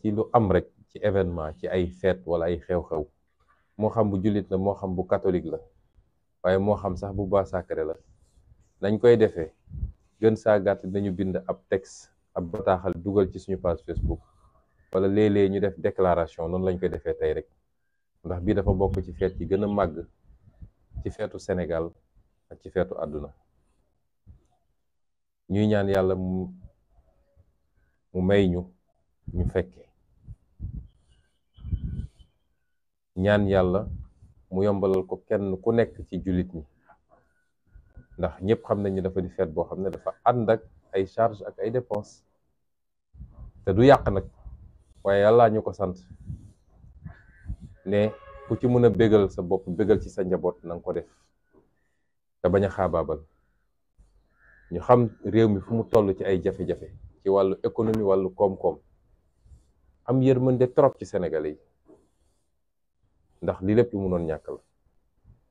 ci lu am rek ci événement ci ay feet wala ay xew-xew moo xam bu jullit la moo xam bu katolik la waaye moo xam sax bu bois sacré la nañ koy defee gën saa gàtt dañu bind ab tex ab bataaxal dugal ci suñu page Facebook wala léeg-léeg ñu def déclaration noonu lañ koy defee tey rek ndax bii dafa bokk ci feet yi gën a màgg ci feetu senegal ak ci feetu àdduna ñuy ñaan yàlla mu may ñu ñu fekkee ñaan yàlla mu yombalal ko kenn ku nekk ci jullit mi ndax ñëpp xam nañu dafa di feet boo xam ne dafa ànd ak ay charge ak ay dépense te du yàq nag waaye yàllaa ñu ko sant ne ku ci mën a bégal sa bopp bëggal ci sa njaboot na nga ko def te bañ a xaabaabal ñu xam réew mi fu mu toll ci ay jafe-jafe ci wàllu économie wàllu koom-koom am mën de trop ci Sénégalais yi ndax li lépp lu mënoon ñàkk la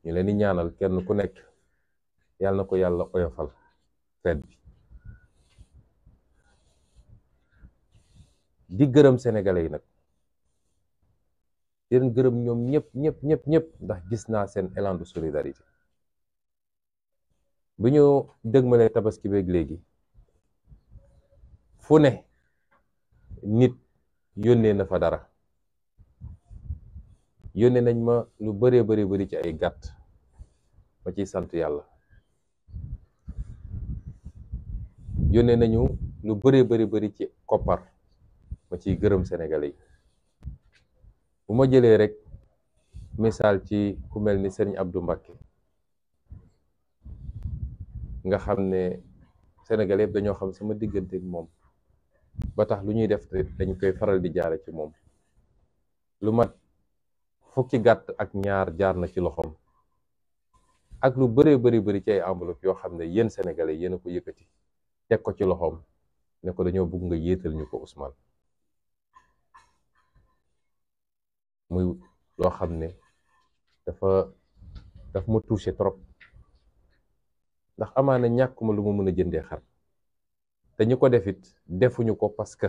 ñu leen di ñaanal kenn ku nekk yàlla na ko yàlla oyofal fet bi di gërëm Sénégalais yi nag di leen gërëm ñoom ñëpp ñëpp ñëpp ñëpp ndax gis naa seen élan de solidarité bu ñu dëgmalee tabaski beeg léegi fu ne nit. yónnee na fa dara yónnee nañ ma lu bëree bëri bëri ci ay gàtt ma ciy sant yàlla yónnee nañu lu bëree bëri bëri ci koppar ma ciy gërëm Sénégalais bu ma jëlee rek misaal ci ku mel ni ab du Mbacké nga xam ne Sénégalais yëpp dañoo xam sama diggante moom ba tax lu ñuy def dañ koy faral di jaare ci moom lu mat fukki gàtt ak ñaar jaar na ci loxoom ak lu bëree bëri bëri ci ay enveloppe yoo xam ne yéen sénégalais yéen ko yëkkati teg ko ci loxoom ne ko dañoo bëgg nga yéetal ñu ko Ousmane muy loo xam ne dafa daf ma touché trop ndax amaana ma lu ma mën a jëndee xar dañu ñu ko defit defuñu ko parce que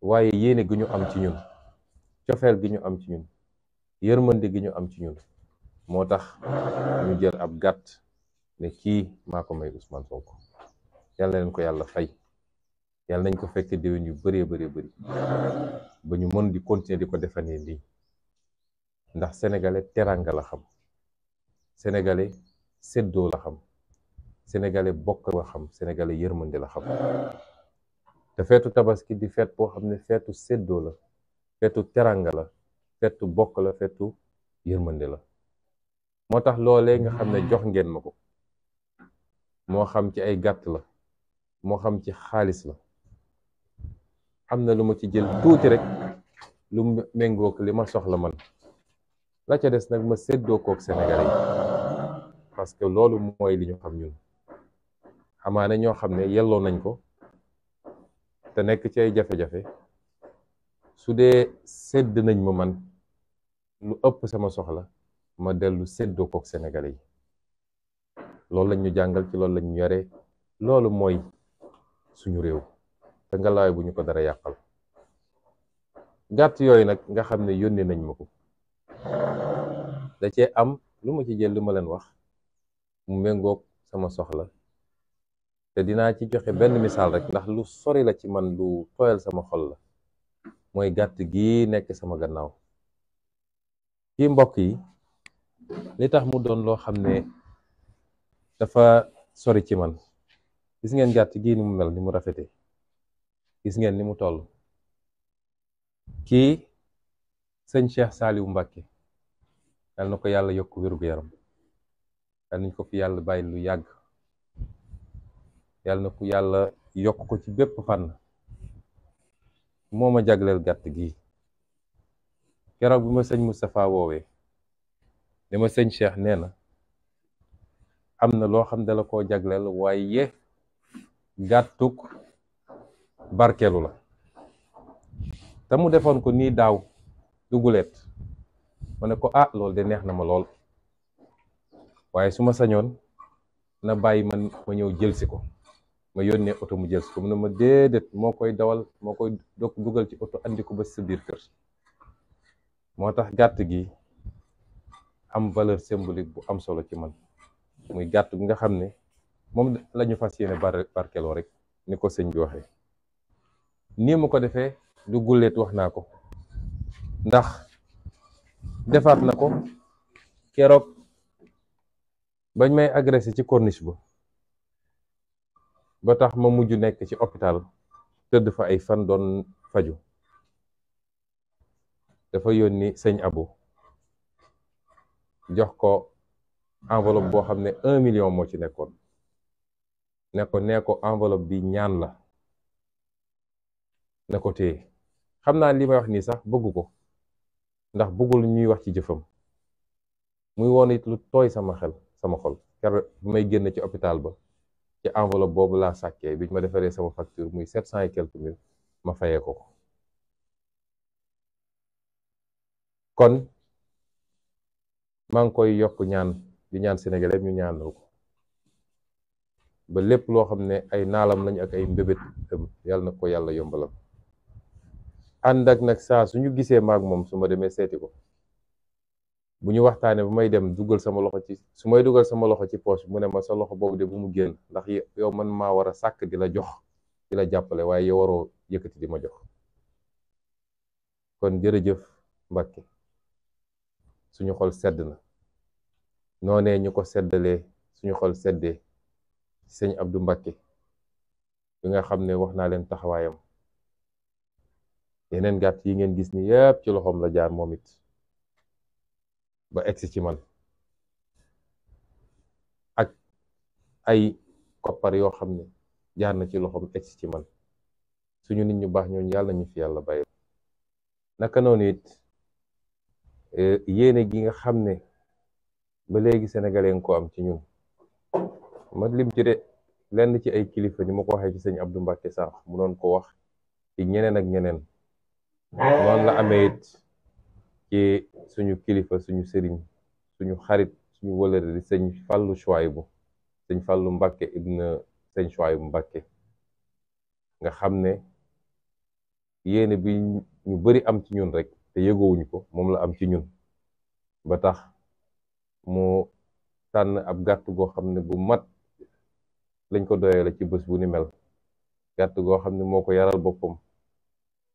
waaye yéene gi ñu am ci ñun cofeel gi ñu am ci ñun yërmande gi ñu am ci ñun moo tax ñu jël ab gàtt ne kii maa ko may Ousmane Sonko yàlla leen ko yàlla fay yàlla nañ ko fekkee déwén yu bëree bëree bëri ba ñu mën di continuer di ko defanee lii ndax sénégalais teranga la xam sénégalais séddoo la xam sénégalais bokk la xam sénégalais yërmande la xam te feetu tabaski di feet boo xam ne feetu séddoo la feetu teranga la feetu bokk la feetu yërmande la moo tax loole nga xam ne jox ngeen ma ko moo xam ci ay gàtt la moo xam ci xaalis la am na lu ma ci jël tuuti rek lu méngook li ma soxla man la ca des nag ma séddoo kook Sénégalais yi que loolu mooy li ñu xam ñun amaane ñoo xam ne mm. yelloo nañ ko te nekk ci ay jafe-jafe su dee sedd nañ ma man lu ëpp sama soxla ma dellu séddoo kook Sénégalais yi loolu lañ ñu jàngal ci loolu lañu ñu yore loolu mooy suñu réew te ngalaay bu ñu ko dara yàqal gàtt yooyu nag nga xam ne yónnee nañ ma ko da cee am lu ma ci jël li ma leen wax mu méngoog sama soxla dinaa ci joxe benn misaal rek ndax lu sori la ci man lu tooyal sama xol la mooy gàtt gii nekk sama gannaaw kii mbokk yi li tax mu doon loo xam ne dafa sori ci man gis ngeen gàtt gii ni mu mel ni mu rafete gis ngeen ni mu toll kii sëñ Cheikh Saliou Mbacke yal na ko yàlla yokk wér-gu-yaram yal nañ ko fi yàlla bàyyi lu yàgg yàlla na ku yàlla yokk ko ci bépp fànn moo ma jagleel gàtt gii keroog bi ma señ Moustapha woowee ne ma sëñ Cheikh nee na am na loo xam dala koo jagleel waaye gàttuk barkelu la te mu defoon ko nii daaw duguleet ma ne ko ah loolu de neex na ma lool waaye su ma sañoon na bàyyi man ma ñëw jëlsi ko ma yónnee oto mu jël si ko mu ne ma déedéet moo koy dawal moo koy dok dugal ci oto andi ko ba sa biir kër moo tax gàtt gi am valeur symbolique bu am solo ci man muy gàtt gi nga xam ne moom la fas yéene bar barkeloo rek ni ko sëñ bi waxee nii mu ko defee du gulleet wax naa ko ndax defaat na ko keroog bañ may agressé ci corniche ba ba tax ma mujj nekk ci hôpital tëdd fa ay fan doon faju dafa yónni sëñ abu jox ko enveloppe boo xam ne un million moo ci nekkoon ne ko nee ko enveloppe bi ñaan la ne ko téye xam naa li may wax nii sax bëggu ko ndax bëggul ñuy wax ci jëfam muy woon it lu tooy sama xel sama xol car may génn ci hôpital ba ci enveloppe boobu laa sàkkee bi ñu ma defaree sama facture muy sept cent et quelques mille ma fayee ko kon maa ngi koy yokk ñaan di ñaan Sénégalais ñu ñaanal ko ba lépp loo xam ne ay naalam lañu ak ay mbébét yàlla na ko yàlla yombalam ànd ak nag saa suñu gisee maag moom su ma demee seeti ko bu ñu waxtaanee bu may dem dugal sama loxo ci su may dugal sama loxo ci poche mu ne ma sa loxo boobu de bu mu génn ndax yow man maa war a sàkk di la jox di la jàppale waaye yow waroo yëkkati di ma jox kon jërëjëf Mbàkke suñu xol sedd na noonee ñu ko seddalee suñu xol seddee ci sëñ Abdou Mbàkke bi nga xam ne wax naa leen taxawaayam yeneen gàtt yi ngeen gis ni yépp ci loxoom la jaar moom it ba egsi ci man ak ay koppar yoo xam ne jaar na ci loxoom egsi ci man suñu nit ñu baax ñooñu yàlla ñu fi yàlla bay naka noonu it eh, yéene gi nga xam ne ba léegi sénégalais nga ko am ci ñun ma lim ci de lenn ci ay kilifa ni ma ko waxee ci sëñ Abdou Mbacke sax mu noon ko wax ci ñeneen ak ñeneen noonu la amee ci suñu kilifa suñu sëriñ suñu xarit suñu wëlëre di sëñ Fàllu Chouaïbou sëñ Fàllu Mbàkke ibna sëñ Chouaïbou Mbàkke nga xam ne yéene bi ñu bari am ci ñun rek te yëgoowuñu ko moom la am ci ñun ba tax mu tànn ab gàtt goo xam ne bu mat lañ ko doyee la ci bés bu ni mel gàtt goo xam ne moo ko yaral boppam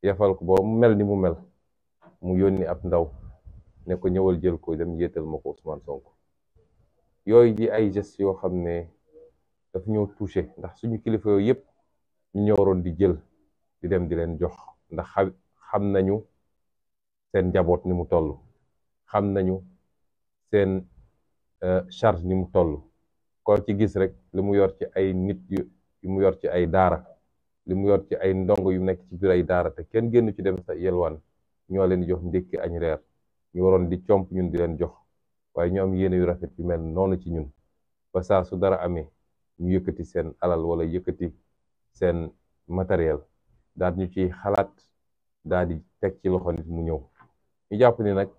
yafal ko ba mel ni mu mel mu yónni ab ndaw nekk ñëwal jël ko dem yéetal ma ko Ousmane sonk yooyu di ay gestes yoo xam ne daf ñëw touché ndax suñu kilifa yooyu yëpp ñu ñoo di jël di dem di leen jox ndax xam nañu seen njaboot ni mu toll xam nañu seen euh, charge ni mu toll ko ci gis rek li mu yor ci ay nit yu mu yor ci ay daara li mu yor ci ay ndongo yu nekk ci biir ay daara te kenn génn ci dem sa yelwaan ñoo leen di jox ndékki añ reer ñu waroon di comp ñun di leen jox waaye ñu am yéene yu rafet yu mel noonu ci ñun ba saa su dara amee ñu yëkkati seen alal wala yëkkati seen matériel daal ñu ciy xalaat daal teg ci loxo nit mu ñëw ñu jàpp ni nag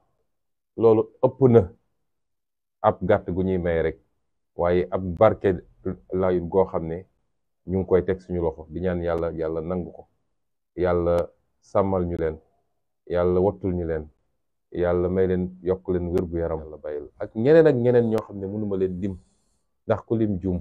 loolu ëpp na ab gàtt gu ñuy may rek waaye ab barke layul goo xam ne ñu ngi koy teg suñu loxo di ñaan yàlla yàlla nangu ko yàlla sàmmal ñu leen yàlla wattul ñu leen yàlla may leen yokk leen wér yaram la bàyyil ak ñeneen ak ñeneen ñoo xam ne mënuma leen lim ndax ku lim juum